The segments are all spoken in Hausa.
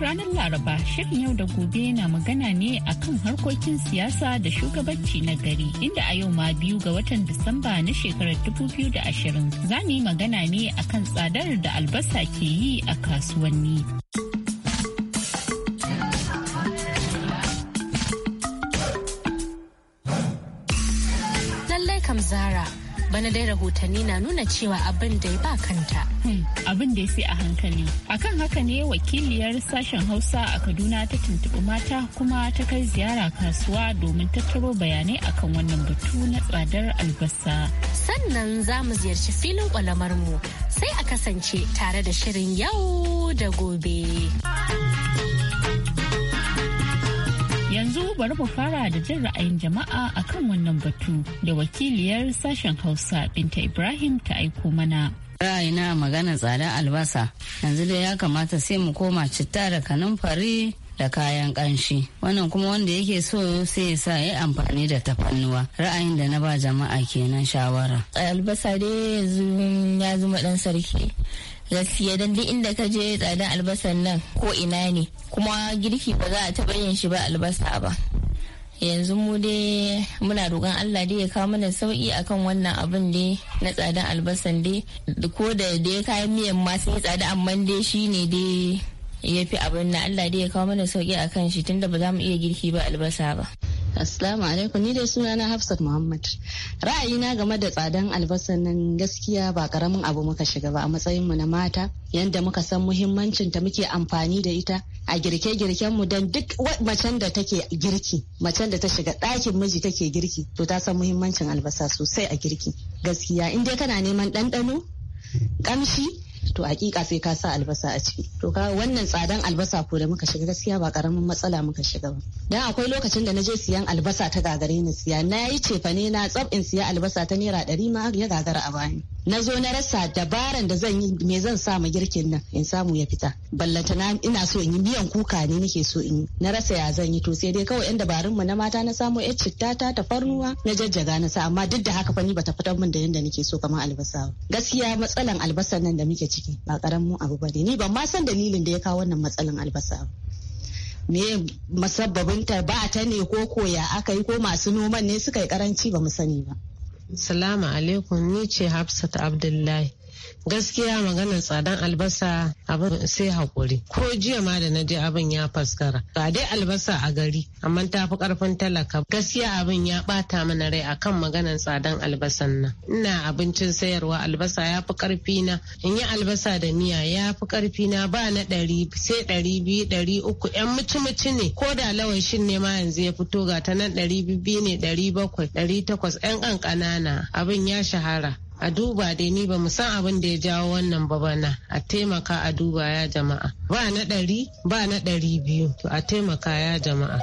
ranar Laraba shirin yau da gobe na magana ne akan harkokin siyasa da shugabanci na gari inda a yau ma biyu ga watan Disamba na shekarar dubu 2020 za mu yi magana ne akan tsadar da albasa ke yi a kasuwanni. Lallai kam zara. bana dai rahotanni na nuna cewa abin da ya ba kanta. Hmm, abin da ya sai a hankali. Akan haka ne wakiliyar sashen Hausa a Kaduna ta tuntuɓi mata kuma ta kai ziyara kasuwa domin tattaro bayanai akan wannan batu na tsadar albasa. Sannan za mu ziyarci filin kwalamar mu sai a kasance tare da shirin yau da gobe. bari mu fara da jin ra'ayin jama'a akan wannan batu da wakiliyar sashen Hausa Binta Ibrahim ta aiko mana. Ra'ayina magana tsada albasa yanzu dai ya kamata sai mu koma citta da fari da kayan kanshi wannan kuma wanda yake so sai sa ya amfani da tafannuwa ra'ayin da na ba jama'a kenan shawara albasa dai yanzu ya zama dan sarki gaskiya dan duk inda ka je tsadan albasan nan ko ina ne kuma girki ba za a taɓa yin shi ba albasa ba yanzu mu dai muna roƙon Allah dai ya kawo mana sauki akan wannan abin dai na tsadan albasan dai ko da dai kayan miyan ma sai tsada amma dai shine dai ya fi abin na Allah dai ya kawo mana sauki akan shi tunda ba za mu iya girki ba albasa ba Assalamu alaikum ni dai sunana Hafsat Muhammad. Ra'ayina game da tsadan albasan nan gaskiya ba karamin abu muka shiga ba a mu na mata yanda muka san muhimmancin ta muke amfani da ita a girke-girken mu dan duk macen da take girki macen da ta shiga ɗakin miji take girki to ta san muhimmancin albasa sosai a girki gaskiya in dai kana neman ɗanɗano ƙamshi to hakika sai ka sa albasa a ciki to ka wannan tsadan albasa ko da muka shiga gaskiya ba karamin matsala muka shiga ba dan akwai lokacin da naje siyan albasa ta gagare ni siya na yi cefane na tsab in siya albasa ta naira ɗari ma ya gagara a bani na zo na rasa dabaran da zan yi me zan sa ma girkin nan in samu ya fita ballanta na ina so in yi miyan kuka ne nake so in yi na rasa ya zan yi to sai dai kawai yan dabarun mu na mata na samu yar citta ta tafarnuwa na jajjaga na sa amma duk da haka fa ni bata fitar min da yanda nake so kamar albasa gaskiya matsalan albasan nan da muke ciki ba karamin abu ne ni ban ma san dalilin da ya kawo wannan matsalan albasa me musabbabin ta ba ta ne ko koya aka yi ko masu noman ne suka yi karanci ba mu sani ba salamu alaikum ni ce hafsat abdullahi gaskiya maganar tsadan albasa abin sai hakuri ko jiya ma da na je abin ya faskara ba dai albasa a gari amma ta fi karfin talaka gaskiya abin ya bata mana rai akan maganar tsadan albasan nan ina abincin sayarwa albasa ya fi karfi na in yi albasa da miya ya fi karfi na ba na ɗari sai ɗari biyu ɗari uku yan muci-muci ne ko da lawashin ne ma yanzu ya fito ga ta nan ɗari biyu ne ɗari bakwai ɗari takwas yan ƙanƙanana abin ya shahara a duba dai ni ba san abin da ya jawo wannan ba bana a taimaka a duba ya jama'a ba na ɗari ba na ɗari biyu to a taimaka ya jama'a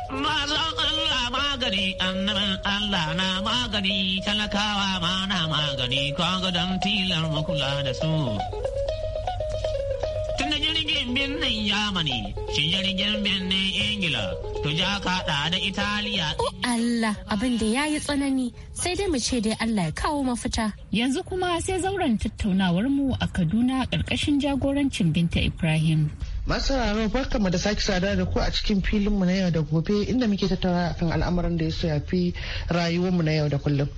magani annaban Allah na magani talakawa ma na magani kwa don tilar makula da su jirgin birnin Yamani, shigar jirgin birnin Ingila, to ja kaɗa da Italiya. O oh, Allah abin da ya yi tsanani sai dai mu ce dai Allah ya kawo mafita. Yanzu kuma sai zauren tattaunawar mu a Kaduna ƙarƙashin jagorancin Binta Ibrahim. masararo barka mu da sake sada da ku a cikin filin mu na yau da gobe inda muke tattauna kan al'amuran da ya shafi rayuwar mu na yau da kullum.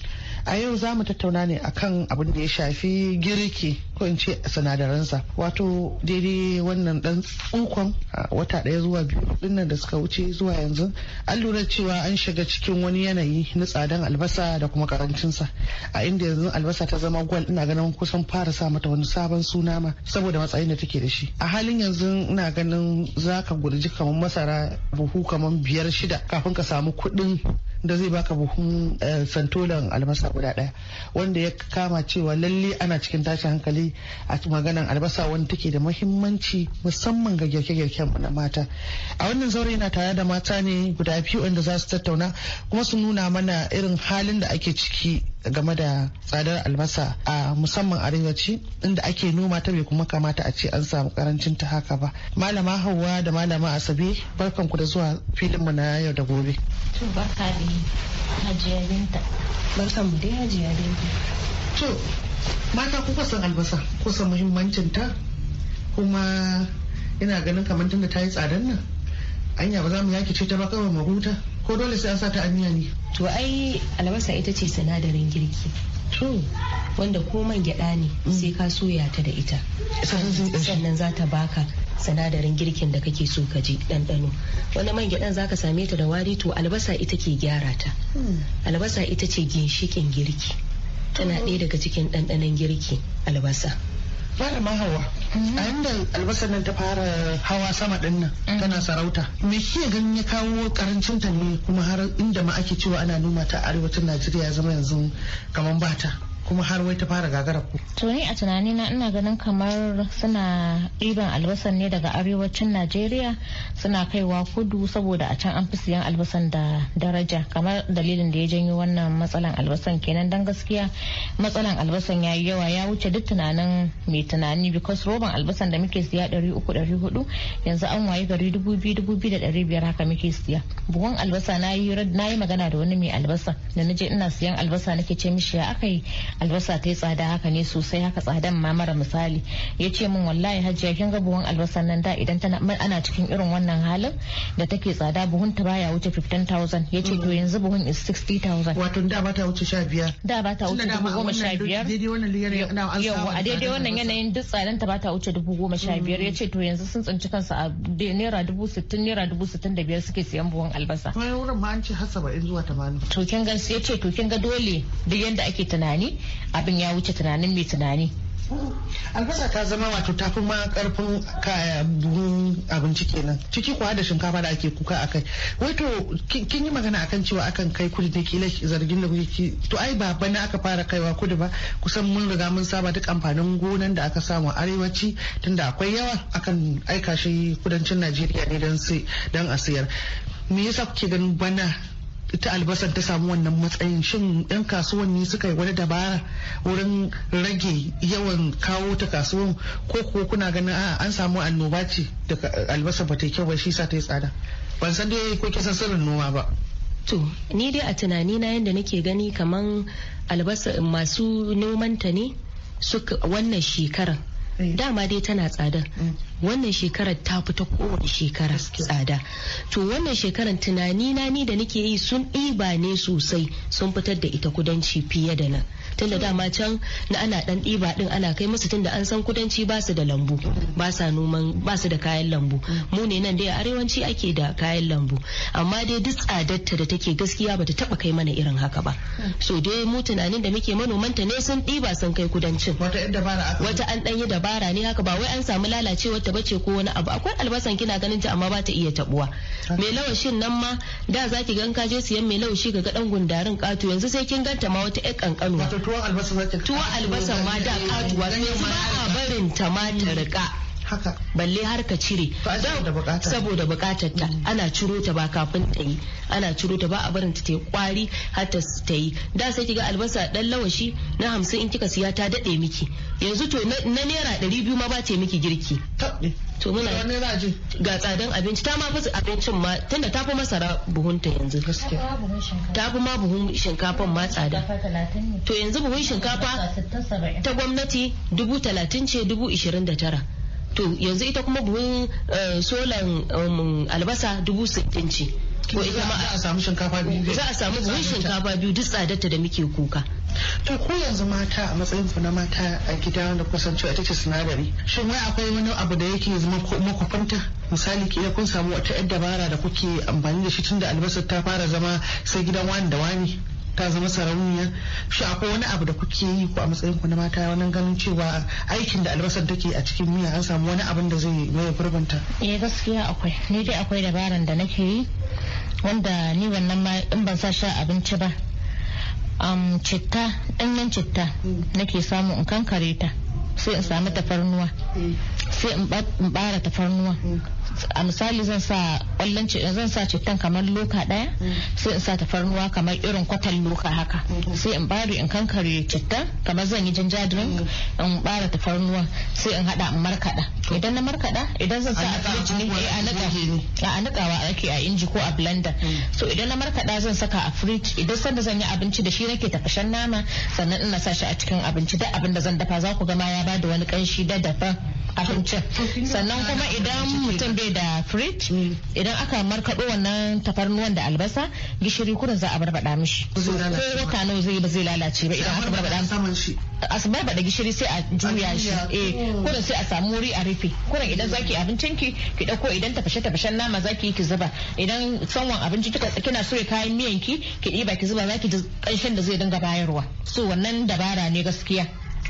a yau za mu tattauna ne akan abin da ya shafi girki ko in ce sinadaransa wato daidai wannan dan tsukon wata daya zuwa biyu dinnan da suka wuce zuwa yanzu an lura cewa an shiga cikin wani yanayi na tsadan albasa da kuma karancinsa a inda yanzu albasa ta zama gwal ina ganin kusan fara sa mata wani sabon suna ma saboda matsayin da take da shi a halin yanzu ina ganin zaka gurji kamar masara buhu kamar biyar shida kafin ka samu kuɗin da zai baka buhun eh, santolan albasa guda daya wanda ya kama cewa lalle ana cikin tashin hankali a maganan albasa wanda take da muhimmanci musamman ga girke-girken na mata a wannan zaure yana tare da mata ne guda biyu wanda za su tattauna kuma su nuna mana irin halin da ake ciki game da tsadar albasa a musamman arewaci inda ake noma ta bai kuma kamata a ce an samu karancin ta haka ba malama hauwa da malama asabe barkanku da zuwa filinmu na yau da gobe to barka da hajiya binta barkan mu hajiya binta to mata kuka san albasa san muhimmancin ta kuma ina ganin kamar tunda ta yi tsadar nan anya ba za mu yaki ce ta ba kawai mu huta ko dole sai an sata a miya ne to ai albasa ita ce sinadarin girki wanda ko man gyada ne mm. sai ka soya ta da ita sannan za ta baka sinadarin girkin da kake so ka ji ɗanɗano wani man gyadan za ka same ta da wari to albasa ita ke gyara ta mm. albasa ita ce ginshikin girki tana ɗaya daga cikin ɗanɗanon girki albasa fara ma hawa a yanda albasar nan ta fara hawa sama din nan mm. tana sarauta me shi ganin ya kawo karancin ta ne kuma har inda ma ake cewa ana noma ta arewacin Najeriya zama yanzu kamar bata kuma har wai ta fara gagara ko. To ni a tunani na ina ganin kamar suna ɗiban albasan ne daga arewacin Najeriya suna kaiwa kudu saboda a can an fi siyan albasan da daraja kamar dalilin da ya janyo wannan matsalan albasan kenan dan gaskiya matsalan albasan ya yi yawa ya wuce duk tunanin mai tunani because roban albasan da muke siya ɗari uku ɗari hudu yanzu an wayi gari dubu biyu dubu biyu da ɗari biyar haka muke siya buhun albasa na yi magana da wani mai albasa da na je ina siyan albasa nake ce mishi ya aka yi albasa ta yi tsada haka ne sosai haka tsadan ma mara misali ya ce min wallahi hajiya kin ga buhun albasa nan da idan tana ana cikin irin wannan halin da take tsada buhun ta baya wuce 15,000 ya ce to mm. yanzu buhun is 60,000 wato da ba ta wuce 15 da ba ta wuce 15,000 daidai wannan yawa a daidai wannan yanayin duk tsadan ta ba ta wuce 15,000 ya ce to yanzu sun tsinci kansu a naira 60,000 naira 65,000 suke siyan buhun albasa. Wani wurin ma an ce har 70 zuwa 80. To kin ga sai ce to kin ga dole duk yanda ake tunani abin ya wuce tunanin mai tunani albasa ta zama wato ta fi ma karfin buhun abinci kenan ciki kuwa da shinkafa da ake kuka akai wato kin yi magana akan cewa akan kai kudu da kila zargin da kuke to ai ba bana aka fara kaiwa kudu ba kusan mun riga mun saba duk amfanin gonan da aka samu arewaci tunda akwai yawa akan aika shi kudancin najeriya ne don a sayar me yasa kuke ganin bana ta albasar ta samu wannan matsayin shin yan kasuwanni suka yi wani dabara wurin rage yawan kawo ta kasuwan ko ko kuna ganin a an samu annoba ce da albasar ba ta kyau ba shi sa ta yi tsada ban san dai ko kisan sirrin noma ba to ni dai a tunani na yadda nake gani kaman albasa masu nomanta ne suka wannan shekaran Mm. dama dai tana tsada mm. wannan shekarar ta fita kowace shekara tsada to wannan shekarar tunani na ni da nake yi sun ɗiba ne sosai sun fitar da ita kudanci fiye da nan tunda dama can na ana dan ɗiba din ana kai musu tunda an san kudanci ba su da lambu ba sa noman ba su da kayan lambu mu ne nan dai arewanci ake da kayan lambu amma dai duk tsadarta da take gaskiya bata taba kai mana irin haka ba so dai mu tunanin da muke manomanta ne sun ɗiba sun kai kudancin wata an dan yi dabara ne haka ba wai an samu lalacewar ta bace ko wani abu akwai albasan kina ganin ta amma ba ta iya tabuwa mai lawashin nan ma da zaki gan ka je siyan mai lawashi ga dan gundarin kato yanzu sai kin ganta ma wata ƴar kankano tuwon albasa za ta ma da katuwa ba a barin ta ma ta haka balle har ka cire saboda bukatar ta mm. ana ciro ta ba kafin ta yi ana ciro ta ba a barin ta ta kwari har ta ta yi da sai kiga albasa dan lawashi na hamsin in kika siya ta dade miki yanzu to na naira ɗari biyu ma ba ce miki girki to muna ga tsadan abinci ta ma fi abincin ma tunda ta fi masara buhunta yanzu Gaskiya. ta fi ma buhun shinkafan ma tsada to yanzu buhun shinkafa ta gwamnati dubu talatin ce dubu ishirin da tara to yanzu ita kuma buhun eh, solan um, albasa dubu sittin ce ko ita ma a samu shinkafa biyu za a samu buhun shinkafa biyu duk tsadarta da muke kuka to ko yanzu mata a matsayin na mata a gida wanda kusancewa ita ce sinadari shin wai akwai wani abu da yake zama makwafanta? misali ke kun samu wata yar dabara da kuke amfani da shi tun da albasar ta fara zama sai gidan wani da wani ta zama sarauniya shi akwai wani abu da kuke yi ko a matsayin ku na mata wani ganin cewa aikin da albasar take a cikin miya an samu wani abin da zai maye gurbinta eh gaskiya akwai ni dai akwai dabaran da nake yi wanda ni wannan ma in ban sa sha abinci ba um, citta ɗanyen citta nake samu in kankare ta sai in samu tafarnuwa mm. sai in bara tafarnuwa mm. a misali zan sa kwallon zan sa cittan kamar loka daya mm. sai in sa tafarnuwa kamar irin kwatan loka haka mm-hmm. sai in bari in kankare cittan kamar zan yi jinja drink mm-hmm. in bara tafarnuwa sai in hada in markada idan na markada idan zan sa a fridge ne a nika eh, a ake a inji ko a blender mm. so idan na markada zan saka a fridge idan sanda zan yi abinci da shi nake tafashen nama sannan ina sa shi a cikin abinci duk abin da zan dafa za ku ga ma ya bada wani kanshi da dafa abincin sannan kuma idan mutum bai a fridge idan aka markaɗo wannan tafarnuwan da albasa gishiri kudin za a barbaɗa mishi ko wata nawa zai ba zai lalace ba idan aka barbaɗa saman shi a su barbaɗa gishiri sai a juya shi eh Kudin sai a samu wuri a rufe Kudin idan zaki abincin ki ki ɗauko idan tafashe tafashen nama zaki ki zuba idan sanwan abinci kika kina so kayan miyan ki ki ɗiba ki zuba zaki ji ƙanshin da zai dinga bayarwa so wannan dabara ne gaskiya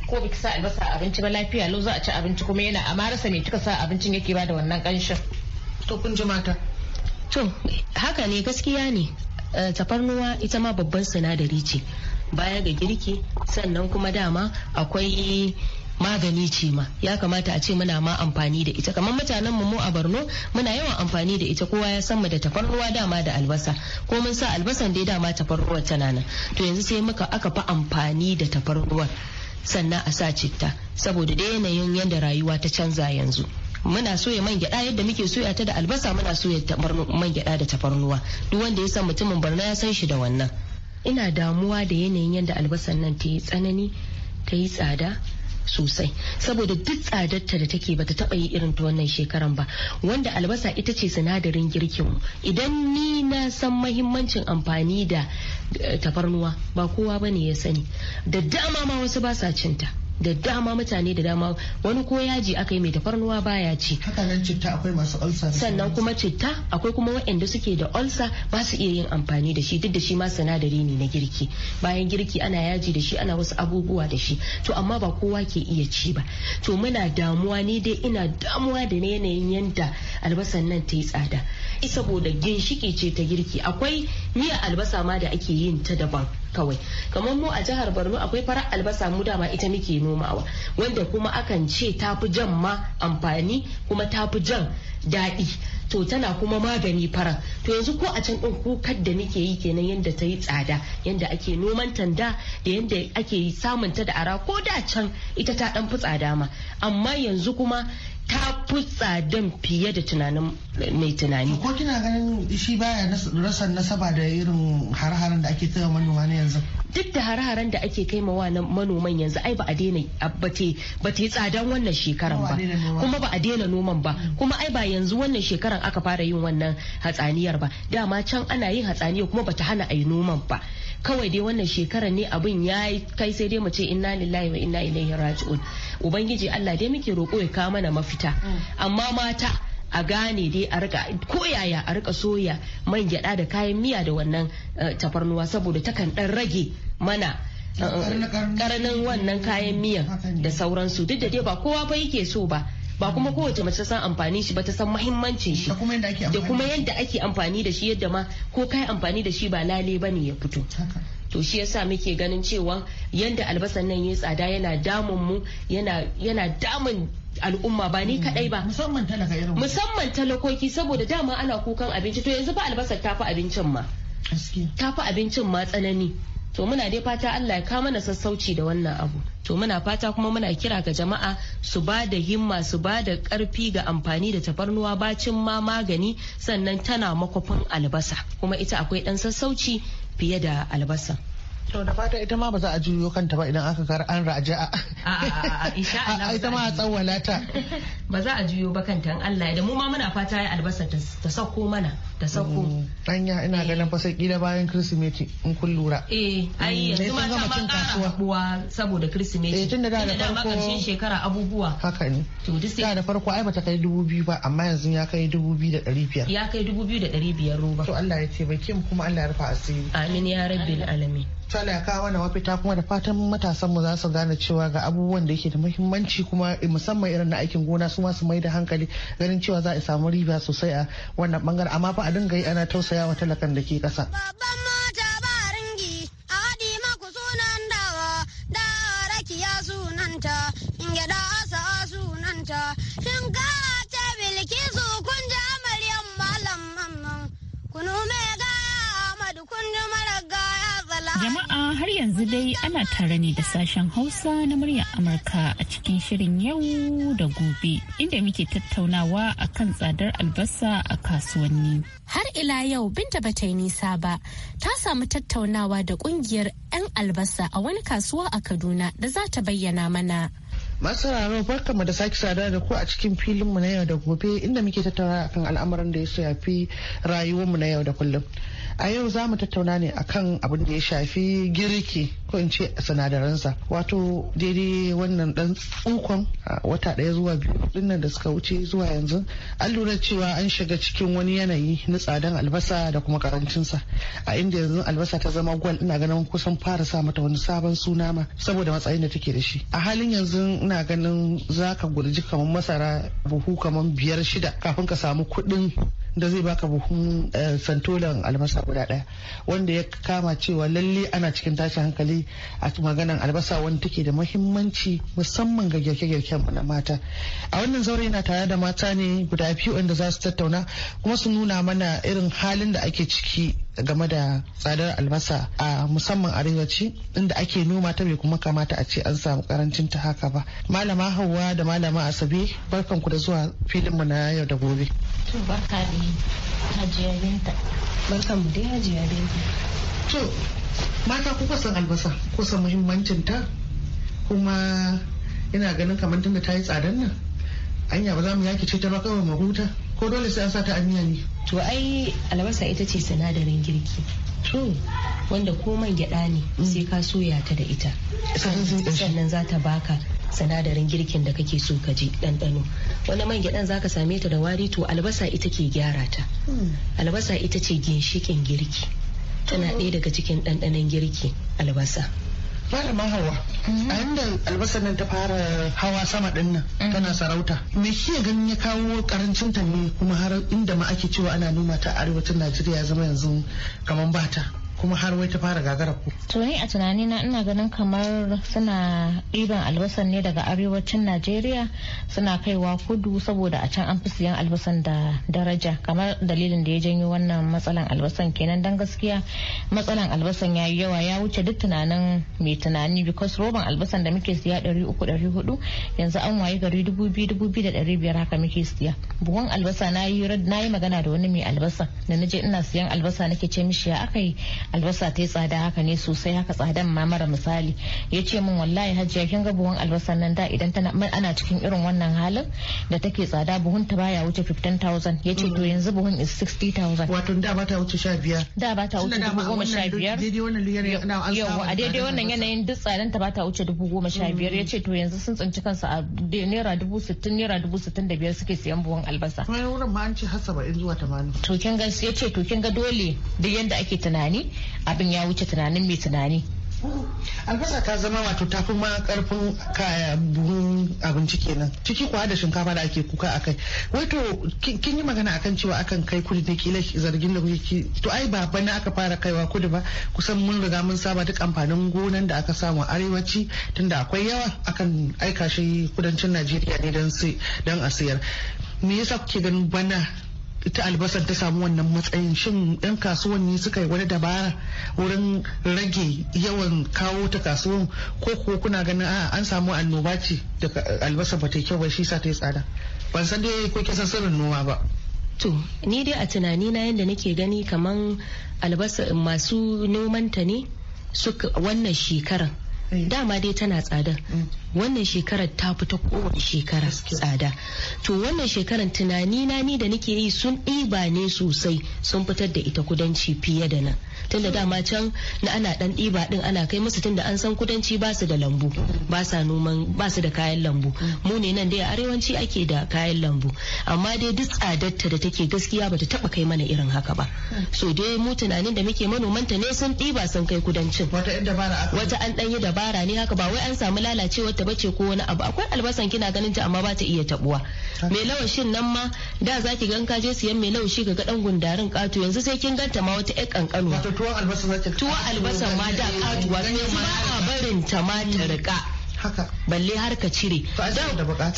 ko biki sa albasa abinci ba lafiya lau za a ci abinci kuma yana a marasa mai kika sa abincin yake da wannan kanshin to kun ji mata to haka ne gaskiya ne eh, tafarnuwa ita ma babban sinadari ce baya ga girki sannan kuma dama akwai magani ce ma ya kamata a ce muna ma amfani da ita kamar mutanen mu a Borno muna yawan amfani da ita kowa ya san mu da tafarnuwa dama da albasa ko mun sa albasan dai dama tafarnuwar tana nan to yanzu sai muka aka fa amfani da tafarnuwa sannan a sa citta saboda da yanayin yadda rayuwa ta canza yanzu muna soya man gyada yadda muke soya ta da albasa muna soya man gyada da tafarnuwa duk wanda ya san mutumin barna ya san shi da wannan ina damuwa da yanayin yadda albasan nan ta yi tsanani ta yi tsada sosai saboda duk tsadarta da take bata taba yi irin ta wannan shekaran ba wanda albasa ita ce sinadarin girkin mu idan ni na san mahimmancin amfani da eh, tafarnuwa ba kowa bane ya sani da dama ma wasu ba sa cinta da dama mutane da dama wani ko yaji aka yi mai tafarnuwa baya ci hakanan citta akwai masu ulsa. sannan kuma citta akwai kuma waɗanda suke da ulsa ba su iya yin amfani da shi duk da shi ma sinadari ne na girki bayan girki ana yaji da shi ana wasu abubuwa da shi to amma ba kowa ke iya ci ba to muna damuwa ne dai ina damuwa da yanayin yanda albasan nan ta yi tsada saboda ginshiki ce ta girki akwai miya albasa ma da ake yin ta daban kawai kamar mu a jihar borno akwai farar albasa mu dama ita muke nomawa wanda kuma akan ce tafi jan ma amfani kuma tafi jan daɗi to tana kuma magani fara to yanzu ko a can din kukar da nake yi kenan yadda ta yi tsada yadda ake noman tanda da yadda ake samun ta da ara ko da can ita ta ɗan fi tsada ma amma yanzu kuma ta fi tsadan fiye da tunanin mai tunani. Ko kina ganin shi baya rasa nasaba da irin har-haren da ake taya manoma na yanzu? Duk da har-haren da ake kai wa manoman yanzu ai ba a daina ba ta yi tsadan wannan shekaran ba kuma ba a daina noman ba mm. kuma ai ba yanzu wannan shekaran aka fara yin wannan hatsaniyar ba dama can ana yin hatsaniyar kuma ba ta hana a yi noman ba. kawai dai wannan shekarar ne abin ya kai sai dai mu ce inna lillahi wa inna ilaihi raji'un ubangiji Allah dai muke roƙo ya kawo mana mafita mm. amma mata a gane dai a rika koyaya a rika soya man gyada da kayan miya da wannan eh, tafarnuwa saboda takan dan rage mana karanin eh, wannan kayan miyan da sauransu duk da dai ba kowa fa yake so ba ba kuma kowace mace san amfani shi ba ta san mahimmancin shi da kuma yadda ake amfani da shi yadda ma ko kai amfani da shi ba lale bane ya fito to shi yasa muke ganin cewa yadda albasan nan ya tsada yana damun mu yana damun al'umma ba ni hmm. kadai ba musamman talaka irin musamman talakoki saboda dama ana kukan abinci to yanzu fa albasar tafi abincin ma tafi abincin ma tsanani to muna dai fata Allah ya ka mana sassauci da wannan abu to muna fata kuma muna kira ga jama'a su ba da himma su ba da karfi ga amfani da tafarnuwa bacin ma magani sannan tana makwafin albasa kuma ita akwai dan sassauci fiye da albasa To da fata ita ma ba za a juyo kanta ba idan aka kar an raja'a. A'a insha Ita ma a tsawwala ta. Ba za a juyo ba kanta an Allah ya da mu ma muna fata ya albasa ta sauko mana ta sauko. Mm, Anya ina eh. ganin fa sai kila bayan Kirsimeti in kun lura. Eh ai mm, yanzu ma ta ma kara haɗuwa saboda Kirsimeti. Eh tun da da farko. Tun da shekara abubuwa. Haka ne. To duk sai. Da farko ai bata kai dubu biyu ba amma yanzu ya kai dubu biyu da ɗari biyar. Ya kai dubu biyu da ɗari biyar roba. To Allah ya ce kim kuma Allah ya rufa asiri. Amin ya rabbil alamin. to ya kawo mafita kuma da fatan matasan mu za su gane cewa ga abubuwan da yake da muhimmanci kuma musamman irin na aikin gona su ma su mai da hankali ganin cewa za a samu riba sosai a wannan bangar amma fa a dinga yi ana tausayawa talakan da ke kasa. Babban mata Jama'a har yanzu dai ana tare ne da sashen Hausa na muryar Amurka a cikin shirin yau da gobe inda muke tattaunawa a kan tsadar albasa a kasuwanni. Har ila yau Binta ba ta yi nisa ba, ta samu tattaunawa da kungiyar 'yan albasa a wani kasuwa a Kaduna da za ta bayyana mana. masararo barkanmu da sake sada da ku a cikin mu na yau da gobe inda muke tattauna akan al'amuran da ya rayuwar mu na yau da kullum a yau za mu tattauna ne akan abin da ya shafi girki ko in ce sinadaransa wato daidai wannan dan tsukon wata daya zuwa biyu dinnan da suka wuce zuwa yanzu an lura cewa an shiga cikin wani yanayi na tsadan albasa da kuma karancinsa a inda yanzu albasa ta zama gwal ina ganin kusan fara sa mata wani sabon suna ma saboda matsayin da take da shi a halin yanzu kana ganin za ka gurji kamar masara buhu kamar biyar shida kafin ka samu kuɗin da zai baka buhun eh, santolan albasa guda daya wanda ya kama cewa lalle ana cikin tashin hankali a maganan albasa wanda take da mahimmanci musamman ga girke-girken na mata a wannan zaure yana tare da mata ne guda biyu wanda za su tattauna kuma su nuna mana irin halin da ake ciki game da tsadar albasa a musamman arewaci inda ake noma ta bai kuma kamata a ce an samu karancin ta haka ba malama hauwa da malama asabe barkanku da zuwa filin mu na yau da gobe barka ne hajiya binta barkan mu dai hajiya binta to mata kuka san albasa ko muhimmancinta kuma ina ganin kamar tunda ta yi tsadan nan anya ba za mu yaki ce ta ba kawai mu huta ko dole sai an sa ta a miya ne to ai albasa ita ce sinadarin girki to wanda ko man gyada ne mm. sai ka soya ta da ita sannan za ta baka sinadarin girkin da kake so ka ji ɗanɗano wani man gyaɗan za ka same ta da wari to albasa ita ke gyara ta hmm. albasa ita ce ginshikin girki tana ɗaya daga cikin ɗanɗanon girki albasa malaman hawa hmm. a yanda albasa nan ta fara hawa sama ɗin nan hmm. tana sarauta me ke ganin ya kawo karancin ta ne kuma har inda ma ake cewa ana noma ta arewacin najeriya zama yanzu kamar bata kuma har wai ta fara gagara ku. To ni a na ina ganin kamar suna ɗiban albasan ne daga arewacin Najeriya suna kaiwa kudu saboda a can an fi siyan albasan da daraja kamar dalilin da ya janyo wannan matsalan albasan kenan dan gaskiya matsalan albasan ya yi yawa ya wuce duk tunanin mai tunani because roban albasan da muke siya ɗari uku ɗari hudu yanzu an waye gari dubu biyu dubu biyu da ɗari biyar haka muke siya buhun albasa na yi magana da wani mai albasa da na je ina siyan albasa nake ce mishi ya aka yi albasa ta yi tsada haka ne sosai haka tsadan ma mara misali ya ce min wallahi hajiya kin ga buhun albasa nan da idan tana ana cikin irin wannan halin da take tsada buhun ta baya wuce 15000 ya ce to mm. yanzu buhun is 60000 wato da ba ta wuce 15 da ba ta wuce 15000 daidai wannan yanayin yawa a daidai wannan yanayin duk tsadan ta ba ta wuce 15000 mm. ya ce to yanzu sun tsinci kansu a naira 60 naira 65 suke siyan buhun albasa wannan ma an ce har 70 zuwa 80 to kin ga ya ce to kin ga dole duk yanda ake tunani abin ya wuce tunanin mai tunani albasa ta zama wato ta ma karfin kaya eh, buhun abinci kenan ciki kuwa da shinkafa da ake kuka a akai wato kin yi magana akan cewa akan kai kudu da kila zargin da kuke ki? to ai ba bana aka fara kaiwa kudu ba kusan mun riga mun saba duk amfanin gonan da aka samu arewaci tunda akwai yawa akan aika shi kudancin Najeriya ne don a sayar me yasa kuke ganin bana ita albasar ta samu wannan matsayin shin yan kasuwanni suka yi wani dabara wurin rage yawan kawo ta kasuwan ko kuna ganin a an samu annoba ce da albasar ba ta kyau ba shi sa ta yi tsada ban san dai ko kisan sirrin noma ba To, ni dai a tunani na yanda nake gani kamar albasa masu nomanta ne wannan shekaran Eh. dama dai tana tsada mm. wannan shekarar ta fita kowace shekara tsada to wannan shekarar tunani na ni da nake yi sun ɗiba ne sosai sun fitar da ita kudanci fiye da nan tunda dama can na ana dan ɗiba din ana kai musu tunda an san kudanci ba su da lambu ba sa noman ba su da kayan lambu mu ne nan dai arewanci ake da kayan lambu amma dai duk tsadarta da take gaskiya bata taba kai mana irin haka ba so dai mu tunanin da muke manoman ta ne sun ɗiba sun kai kudancin wata an dan yi dabara ne haka ba wai an samu lalacewar ta bace ko wani abu akwai albasan kina ganin ta amma ba ta iya tabuwa mai lawashin nan ma da zaki gan kaje je siyan mai lawashi ga dan gundarin katu yanzu sai kin ganta ma wata ƴar kankanuwa tuwon albasa tuwon albasa ma da katuwa ne ma a barin ta ma ta rika balle har ka cire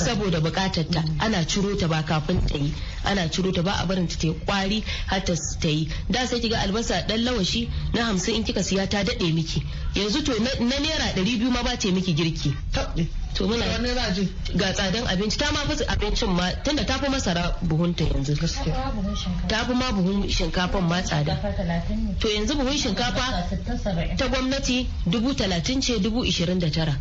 saboda bukatar ta mm. ana ciro ta ba kafin ta yi ana ciro ta ba a barin ta ta yi kwari har ta yi da sai kiga albasa dan lawashi na hamsin in kika siya ta dade miki yanzu to na naira ɗari biyu ma ba ta miki girki eh. to muna ga tsadan abinci ta ma fi abincin ma tunda ta fi masara buhunta yanzu ta fi ma buhun shinkafa ma tsada to yanzu buhun shinkafa ta gwamnati dubu talatin ce dubu ishirin da tara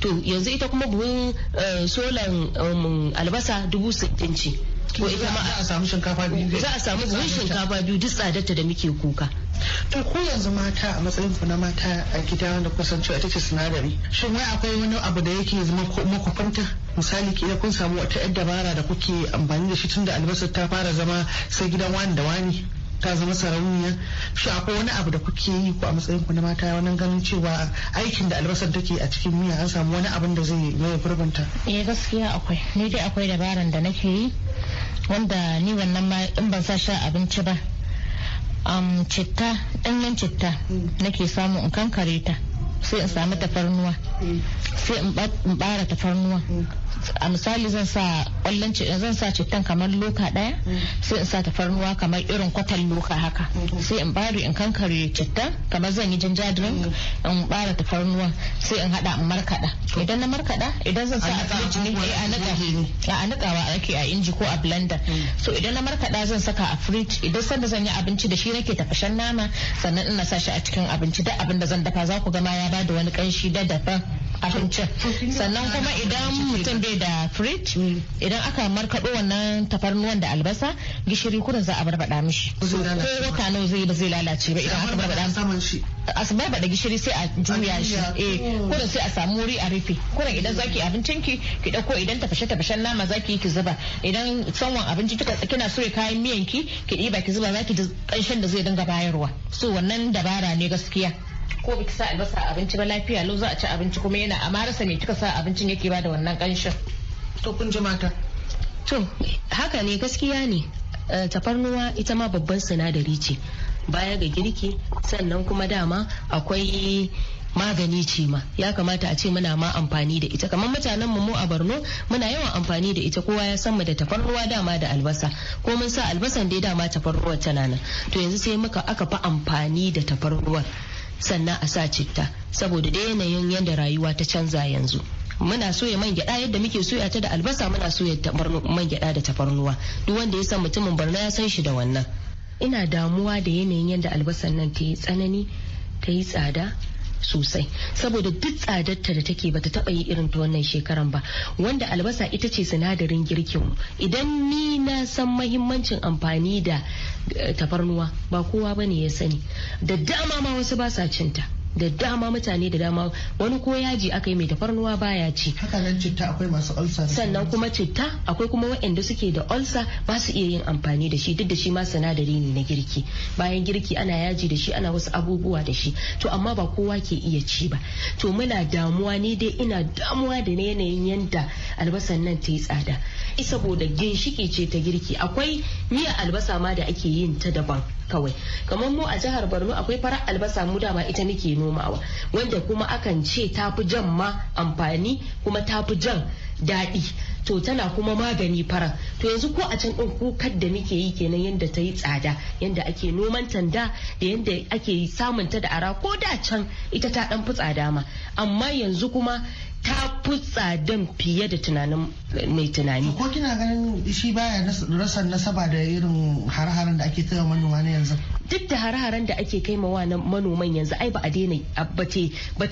to yanzu ita kuma buhun eh, solan um, albasa dubu sittin ce to a samu shinkafa biyu za a samu buhun shinkafa biyu duk tsadarta da muke kuka to ko yanzu mata a matsayin ku na mata a gida wanda kusanci a sinadari shin wai akwai wani abu da yake zama makwafanta misali kila kun samu wata yar dabara da kuke amfani da shi tun da albasar ta fara zama sai gidan wani da wani ta zama sarauniya shi akwai wani abu da kuke yi ko a matsayin ku na mata wannan ganin cewa aikin da albasar take a cikin miya an samu wani abin da zai mai gurbinta eh gaskiya akwai ni dai akwai dabaran da nake yi wanda ni wannan ma in ban sa sha abinci ba um, citta ɗanyen citta nake samu in kankare ta sai in samu tafarnuwa mm. sai in bara tafarnuwa mm. a misali zan sa kwallon zan sa cittan kamar loka daya sai in sa tafarnuwa kamar irin kwatan loka haka sai in bari in kankare cittan kamar zan yi jinja drink in bara tafarnuwa sai in hada in markada idan na markada idan zan sa a firiji ne eh, a nika a wa ake a inji ko a blender so idan na markaɗa zan saka a firiji idan sanda zan yi abinci da shi nake tafashen nama sannan ina sa shi a cikin abinci duk abin da zan dafa za ku ga ma ya bada wani kanshi da daban abincin sannan kuma idan mutum bai da fridge idan aka markaɗo wannan tafarnuwan da albasa gishiri kudin za a barbaɗa mishi ko wata nawa zai ba zai lalace ba idan aka barbaɗa mishi a su barbaɗa gishiri sai a juya shi eh, kudin sai a samu wuri a rufe kudin idan zaki abincin ki ki dauko idan tafashe tafashen nama zaki ki zuba idan sanwan abinci kika kina so kayan miyan ki ki ɗiba ki zuba zaki ji ƙanshin da zai dinga bayarwa so wannan dabara ne gaskiya ko biki sa albasa abinci ba lafiya lau za a ci abinci kuma yana a marasa me kika sa abincin yake ba da wannan kanshin to kun ji mata to haka ne gaskiya ne eh, tafarnuwa ita ma babban sinadari ce baya ga girki sannan kuma dama akwai magani ce ma ya kamata a ce muna ma amfani da ita kamar mutanen mu a Borno muna yawan amfani da ita kowa ya san mu da tafarnuwa dama da albasa ko mun sa albasan dai dama tafarnuwar tana nan to yanzu sai muka aka fa amfani da tafarnuwar sannan a sa citta saboda da yanayin yadda rayuwa ta canza yanzu muna soya man gyada yadda muke soya ta da albasa muna soya man gyada da tafarnuwa duk wanda ya san mutumin barna ya san shi da wannan ina damuwa da yanayin yadda albasan nan ta yi tsanani ta yi tsada sosai saboda duk tsadarta da take bata taba yi irin ta wannan shekaran ba wanda albasa ita ce sinadarin girkin mu idan ni na san mahimmancin amfani da eh, tafarnuwa ba kowa bane ya sani da dama ma wasu ba sa cinta da dama mutane da dama wani ko yaji aka yi mai tafarnuwa baya ci hakanan citta akwai masu ulsa. sannan kuma citta akwai kuma waɗanda suke da ulsa ba su iya yin amfani da shi duk da shi ma sinadari ne na girki bayan girki ana yaji da shi ana wasu abubuwa da shi to amma ba kowa ke iya ci ba to muna damuwa ne dai ina damuwa da na yanayin yanda albasan nan ta yi tsada saboda ginshiki ce ta girki akwai miya albasa ma da ake yin ta daban kawai kamar mu a jihar borno akwai farar albasa mu dama ita muke nomawa wanda kuma akan ce tafi jan ma amfani kuma tafi jan daɗi to tana kuma magani fara to yanzu ko a can ɗin kukar da muke yi kenan yadda ta yi tsada yadda ake noman tanda da yadda ake samun ta da ara ko da can ita ta ɗan fi tsada ma amma yanzu kuma ta fi tsadan fiye da tunanin mai tunani. Ko kina ganin shi baya rasa nasaba da irin har-haren da ake kai manoma na yanzu? Duk da har-haren da ake kai wa manoman yanzu ai ba a daina ba ta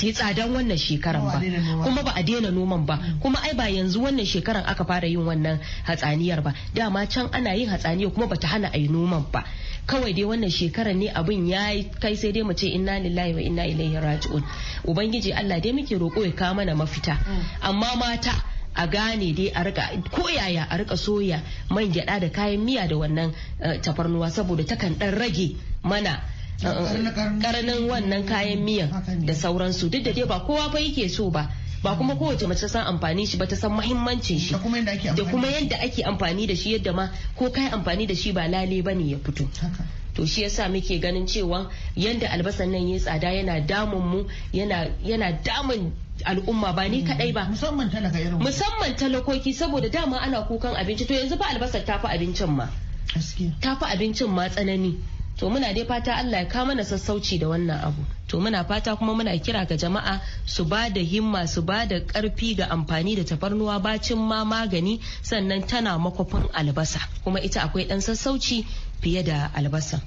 yi tsadan wannan shekaran ba. Kuma ba a daina noman ba. Mm. Kuma ai ba yanzu wannan shekaran aka fara yin wannan hatsaniyar ba. Dama can ana yin hatsaniyar kuma bata hana a yi noman ba. kawai dai wannan shekarar ne abin ya kai sai dai mu ce inna lillahi wa inna ilaihi raji'un ubangiji Allah dai muke roƙo ya kawo mana mafita mm. amma mata a gane dai a rika koyaya a rika soya man gyada da kayan miya da wannan eh, tafarnuwa saboda takan dan rage mana eh, karanin wannan kayan miyan da sauransu duk da dai ba kowa ba yake so ba ba kuma kowace mace san amfani shi ba ta san muhimmancin shi da kuma yadda ake amfani da shi yadda ma ko kai amfani da shi ba lale bane ya fito to shi yasa muke ganin cewa yadda albasan nan ya tsada yana damun mu yana damun al'umma ba ni kadai ba musamman talaka irin musamman talakoki saboda dama ana kukan abinci to yanzu ba albasar tafi abincin ma tafi abincin ma tsanani to muna dai fata Allah ya kawo mana sassauci da wannan abu to muna fata kuma muna kira ga jama'a su ba da himma su ba da karfi ga amfani da tafarnuwa bacin ma magani sannan tana makwafin albasa kuma ita akwai dan sassauci fiye da albasa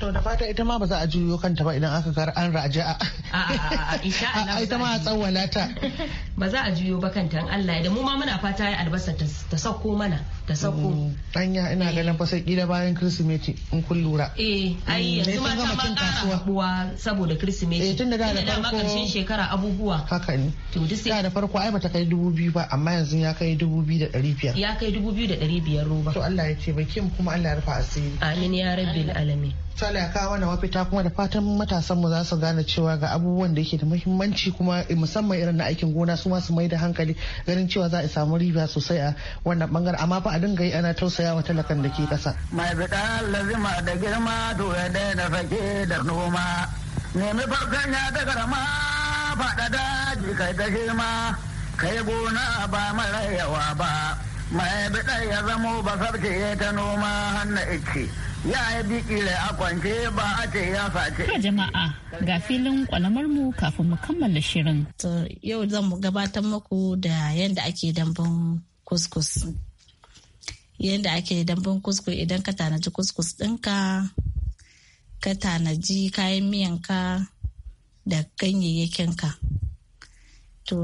to da fata ita ma ba za a juyo kanta ba idan aka kar an raja a ita ma a tsawwala ta ba za a juyo ba kanta Allah ya da mu ma muna fata albasa ta sauko mana da sako. Danya ina eh. ganin fa sai kila bayan Kirsimeti in kun lura. Eh, ai mm. yanzu eh, ma ta ma kara haɓuwa saboda Kirsimeti. Eh, tun da da farko. karshen shekara abubuwa. Haka ne. To duk sai. Da da farko ai bata kai dubu biyu ba amma yanzu ya kai dubu biyu da ɗari biyar. Ya kai dubu biyu da ɗari biyar roba. To Allah ya ce bakin kuma Allah ya rufa asiri. Amin ya rabbil alamin. Sala ya kawo wani mafita kuma da fatan matasanmu za su gane cewa ga abubuwan da yake da muhimmanci kuma eh, musamman irin na aikin gona su ma su mai da hankali ganin cewa za a samu riba sosai a wannan bangaren amma fa a dinga yi ana tausaya wa talakan da ke ƙasa. mai fitar lazima da girma to ya daina sake da noma nemi farkon ya ta karama faɗaɗa jikai ta girma kai gona ba mara yawa ba mai fitar ya zamo ba ya ta noma hannu ice ya yi biki da a kwance ba a ce ya sace. Ka jama'a ga filin kwalamar mu kafin mu kammala shirin. Yau zan mu gabatar muku da yadda ake dambun kuskus. yadda ake dambun kuskus idan ka tanaji kuskus ɗinka ka tanaji kayan miyanka da ganyayyakinka to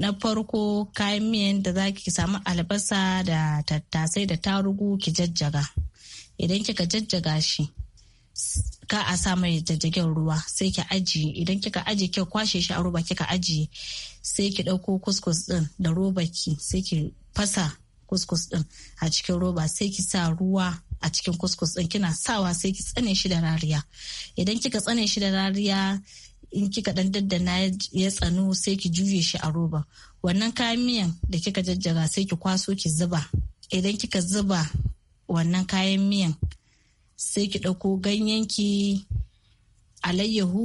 na farko kayan miyan da za ki samu albasa da tattasai da tarugu ki jajjaga idan kika jajjaga shi ka a sa mai jajjagen ruwa sai ki aji idan kika ajiye kyau kwashe shi a roba kika ajiye sai ki ɗauko kuskus ɗin da roba ki sai ki fasa kuskus din a cikin roba sai ki sa ruwa a cikin kuskus din kina sawa sai ki tsane shi da rariya idan kika tsane shi da rariya in kika dan daddana ya tsanu sai ki juye shi a roba wannan kayan miyan da kika jajjaga sai ki kwaso ki zuba idan kika zuba wannan kayan miyan sai ki ɗauko ki alayyahu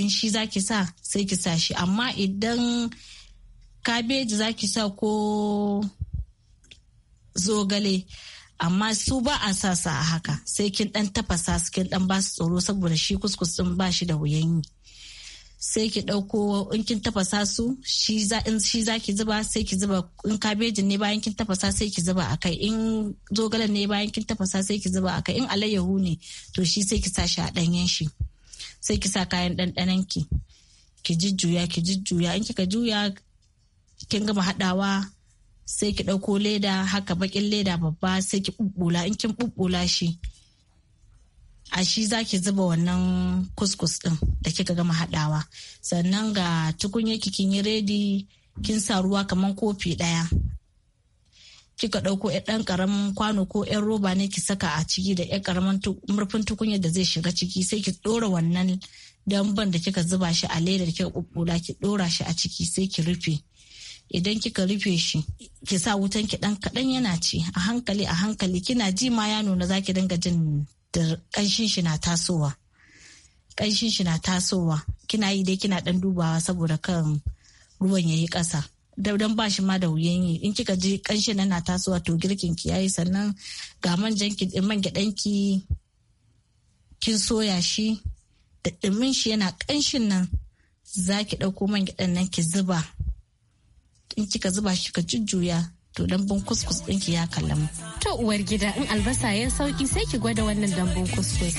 in shi za ki sa sai ki sa shi amma idan kabeji za ki sa ko zogale amma su ba a sasa a haka sai kin dan tafasa su kin dan ba su tsoro saboda shi kuskus din ba shi da wuyan yi sai ki dauko in kin tafasa su shi za ki zuba sai ki zuba in kabejin ne bayan kin tafasa sai ki zuba akai in zogalen ne bayan kin tafasa sai ki zuba akai in alayyahu ne to shi sai ki sa shi a danyen shi sai ki sa kayan dandanan ki ki jujjuya ki jujjuya in kika juya kin gama haɗawa. sai ki ɗauko leda haka bakin leda babba sai ki ɓuɓɓula in kin ɓuɓɓula shi a shi za ki zuba wannan kuskus ɗin da kika gama haɗawa sannan ga tukunya kin yi redi kin sa ruwa kamar kofi ɗaya kika ɗauko ɗan ƙaramin kwano ko ɗan roba ne ki saka a ciki da ɗan ƙaramin murfin tukunya da zai shiga ciki sai ki ɗora wannan damban da kika zuba shi a leda da kika ɓuɓɓula ki ɗora shi a ciki sai ki rufe idan kika rufe shi ki sa wutan ki dan kadan yana ci a hankali a hankali kina ji ma ya nuna zaki dinga jin da kanshin shi na tasowa kanshin shi na tasowa kina yi dai kina dan dubawa saboda kan ruwan yayi kasa don ba shi ma da wuyan yi in kika ji kanshin na tasowa to girkin ki yayi sannan ga manjan ki man ki kin soya shi da dimin shi yana kanshin nan zaki ɗauko man gidan nan ki zuba in kika zuba shi ka jujjuya to dambun kuskus ɗinki ya kallamu. To uwar gida in albasa ya sauki sai ki gwada wannan dambun kuskus.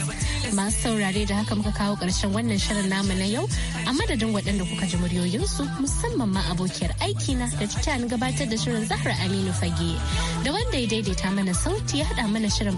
Masu saurare da haka muka kawo ƙarshen wannan shirin namu na yau a madadin waɗanda kuka ji muryoyinsu musamman ma abokiyar aiki na da ta gabatar da shirin Zahra Aminu Fage da wanda ya daidaita mana sauti ya haɗa mana shirin